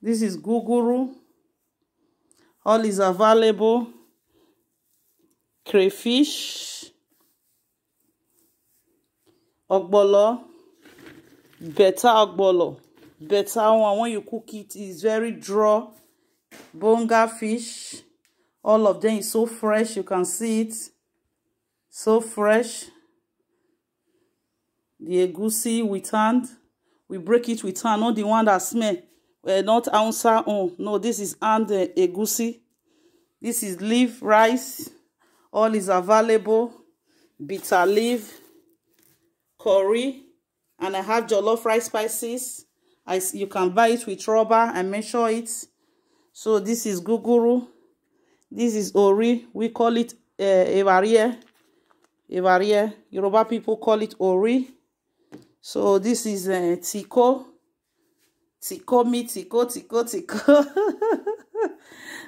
This is guguru. All is available. Crayfish. Ogbolo. Better ogbolo. Better one. When you cook it, it's very draw. Bonga fish. All of them is so fresh. You can see it. So fresh. The egusi with hand. We break it with hand, not the one that smell uh, not ounce own. Oh, no, this is and uh, eh, egusi. This is leaf rice. All is available. Bitter leaf, curry, and I have jollof rice spices. I, you can buy it with rubber and measure it. So this is guguru. This is ori. We call it uh, eh, evarie. Evarie. Yoruba people call it ori. So this is uh, tiko. Tiko mi, tiko, tiko, tiko.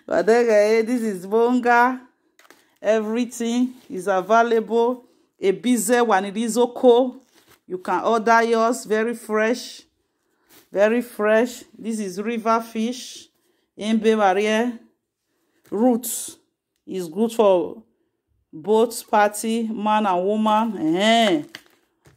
but then, eh, this is bonga. Everything is available. A It Ebize wanilizoko. You can order yours very fresh. Very fresh. This is river fish. Embe barrier. Roots is good for both party, man and woman. Eh.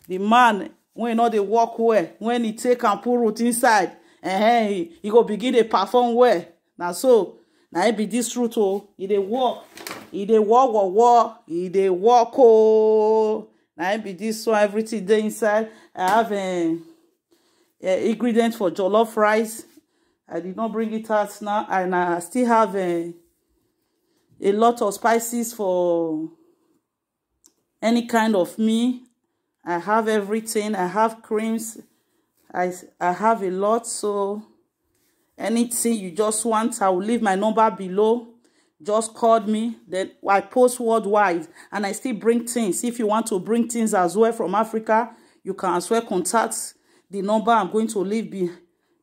The man, when all know they work well, when he take and put root inside, eh, e go begin dey perform well na so na it be dis truth o e dey work e dey work work e dey work ooo na it be dis one everything dey inside i have um, uh, ingredient for jollof rice i did not bring it out now and i still have uh, a lot of spices for any kind of meal i have everything i have creams I, I have a lot, so anything you just want, I will leave my number below. Just call me. Then I post worldwide, and I still bring things. If you want to bring things as well from Africa, you can as well contact the number I'm going to leave be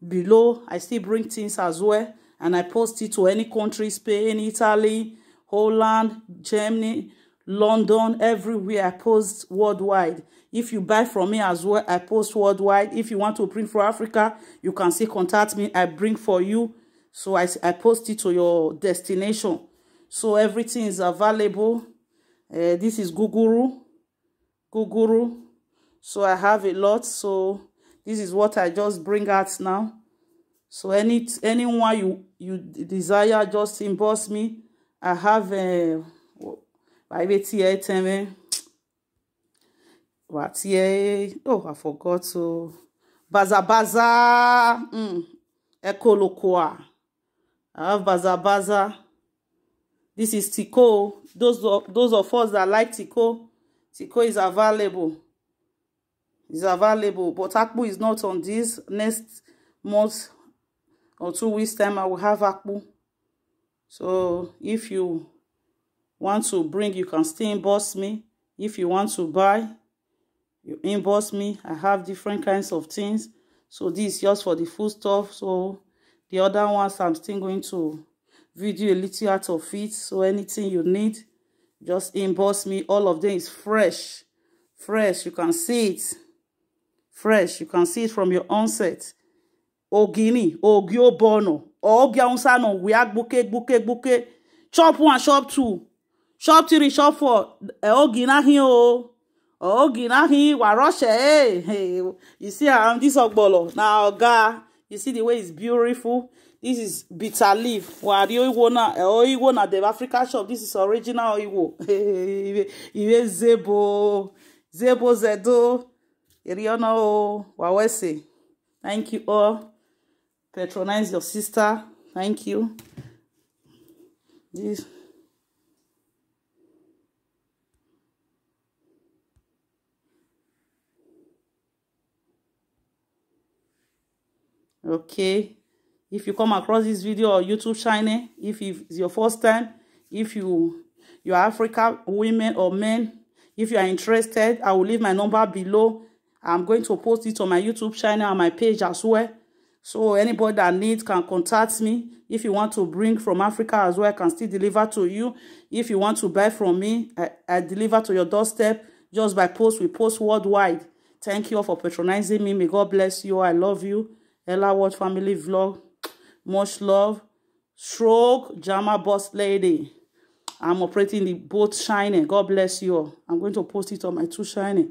below. I still bring things as well, and I post it to any country, Spain, Italy, Holland, Germany, London, everywhere. I post worldwide. If you buy from me as well, I post worldwide. If you want to print for Africa, you can still contact me. I bring for you. So I, I post it to your destination. So everything is available. Uh, this is Guguru. Guguru. So I have a lot. So this is what I just bring out now. So any anyone you, you desire, just inbox me. I have a... Uh, eh, Why wait here, tell me? What here? Oh, I forgot to. Baza baza. Mm. echo lokoa. I have baza baza. This is Tico Those of, those of us that like Tico Tico is available. Is available, but Akpu is not on this. Next month or two weeks time, I will have Akpu. So if you want to bring, you can still inbox me. If you want to buy, you inbox me. I have different kinds of things. So this is just for the food stuff. So the other ones, I'm still going to video a little out of it. So anything you need, just inbox me. All of them is fresh. Fresh, you can see it. Fresh, you can see it from your onset. Ogini, Ogiobono, Ogiaunsano, we are bouquet, bouquet, bouquet. Chop one, chop two shop three shop four eh, oge oh, n'ahịa o oge oh, n'ahịa wa russia hey hey eh, eh. you see am this ogbolo na oga you see the way it's beautiful this is bitter leaf wari oiwo na oiwo na the africa shop this is original oiwo iwe zebo zebo zedo eriona o wawese thank you all patronize your sister thank you this. okay if you come across this video on youtube channel if it's your first time if you you are Africa women or men if you are interested i will leave my number below i'm going to post it on my youtube channel and my page as well so anybody that needs can contact me if you want to bring from africa as well i can still deliver to you if you want to buy from me i, I deliver to your doorstep just by post we post worldwide thank you all for patronizing me may god bless you i love you Ella Watch family vlog. Much love. Stroke, Jama Boss Lady. I'm operating the boat shining. God bless you all. I'm going to post it on my two shining.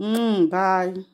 Mm, bye.